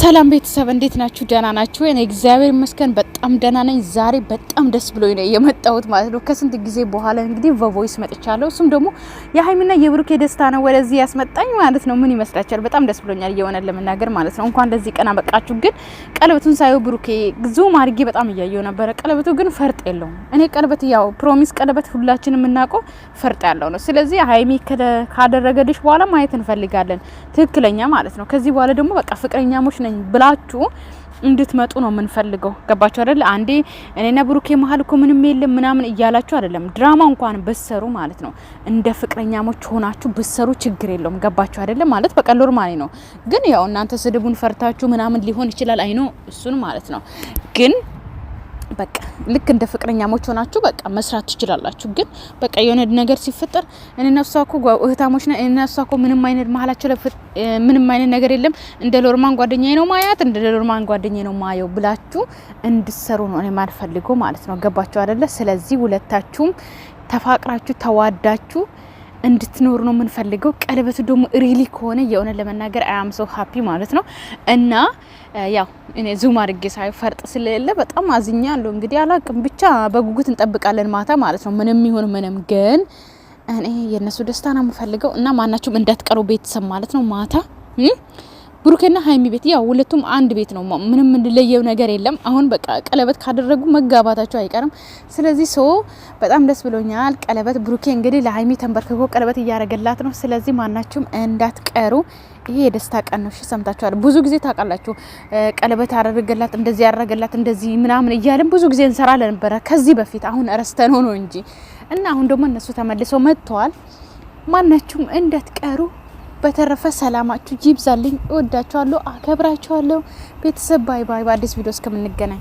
ሰላም ቤተሰብ እንዴት ናችሁ? ደህና ናችሁ? እኔ እግዚአብሔር ይመስገን በጣም ደህና ነኝ። ዛሬ በጣም ደስ ብሎኝ ነው የመጣሁት ማለት ነው። ከስንት ጊዜ በኋላ እንግዲህ በቮይስ መጥቻለሁ። እሱም ደግሞ የሀይሚና የብሩኬ ደስታ ነው ወደዚህ ያስመጣኝ ማለት ነው። ምን ይመስላችኋል? በጣም ደስ ብሎኛል እየሆነ ለመናገር ማለት ነው። እንኳን ለዚህ ቀን አበቃችሁ። ግን ቀለበቱን ሳየው ብሩኬ ዙም አድርጌ በጣም እያየው ነበረ። ቀለበቱ ግን ፈርጥ የለውም። እኔ ቀለበት ያው ፕሮሚስ ቀለበት ሁላችን የምናውቀው ፈርጥ ያለው ነው። ስለዚህ ሀይሚ ካደረገልሽ በኋላ ማየት እንፈልጋለን ትክክለኛ ማለት ነው። ከዚህ በኋላ ደግሞ በቃ ፍቅረኛሞች ነው ነኝ ብላችሁ እንድትመጡ ነው የምንፈልገው። ገባችሁ አይደለ? አንዴ እኔና ብሩኬ መሀል እኮ ምንም የለም ምናምን እያላችሁ አይደለም። ድራማ እንኳን ብሰሩ ማለት ነው እንደ ፍቅረኛሞች ሆናችሁ ብሰሩ ችግር የለውም። ገባችሁ አይደለም ማለት በቃ ኖርማሊ ነው። ግን ያው እናንተ ስድቡን ፈርታችሁ ምናምን ሊሆን ይችላል። አይኖ እሱን ማለት ነው ግን በቃ ልክ እንደ ፍቅረኛሞች ሆናችሁ በቃ መስራት ትችላላችሁ። ግን በቃ የሆነ ነገር ሲፈጠር እኔ ነፍሷ እኮ እህታሞች ነን፣ እኔ ነፍሷ እኮ ምንም አይነት መሀላቸው ምንም አይነት ነገር የለም፣ እንደ ሎርማን ጓደኛዬ ነው ማያት፣ እንደ ሎርማን ጓደኛዬ ነው ማየው ብላችሁ እንድሰሩ ነው እኔ ማልፈልጎ ማለት ነው። ገባችሁ አደለ? ስለዚህ ሁለታችሁም ተፋቅራችሁ ተዋዳችሁ እንድትኖር ነው የምንፈልገው። ቀለበቱ ደግሞ ሪሊ ከሆነ የሆነ ለመናገር አያም ሰው ሀፒ ማለት ነው። እና ያው እኔ ዙም አድርጌ ሳይ ፈርጥ ስለሌለ በጣም አዝኛለሁ። እንግዲህ አላቅም፣ ብቻ በጉጉት እንጠብቃለን ማታ ማለት ነው። ምንም ይሁን ምንም ግን እኔ የእነሱ ደስታ ነው የምፈልገው። እና ማናችሁም እንዳትቀሩ ቤተሰብ ማለት ነው ማታ ብሩኬና ሀይሚ ቤት ያው ሁለቱም አንድ ቤት ነው። ምንም እንለየው ነገር የለም። አሁን በቃ ቀለበት ካደረጉ መጋባታቸው አይቀርም። ስለዚህ ሰው በጣም ደስ ብሎኛል። ቀለበት ብሩኬ እንግዲህ ለሀይሚ ተንበርክኮ ቀለበት እያደረገላት ነው። ስለዚህ ማናችሁም እንዳትቀሩ። ይሄ የደስታ ቀን ነው። ሰምታችኋል። ብዙ ጊዜ ታውቃላችሁ፣ ቀለበት ያደረገላት እንደዚህ ያደረገላት እንደዚህ ምናምን እያለን ብዙ ጊዜ እንሰራ ለነበረ ከዚህ በፊት አሁን ረስተን ሆኖ እንጂ እና አሁን ደግሞ እነሱ ተመልሰው መጥተዋል። ማናችሁም እንዳትቀሩ። በተረፈ ሰላማችሁ ይብዛልኝ። እወዳችኋለሁ፣ አከብራችኋለሁ። ቤተሰብ ባይ ባይ። በአዲስ ቪዲዮ እስከምንገናኝ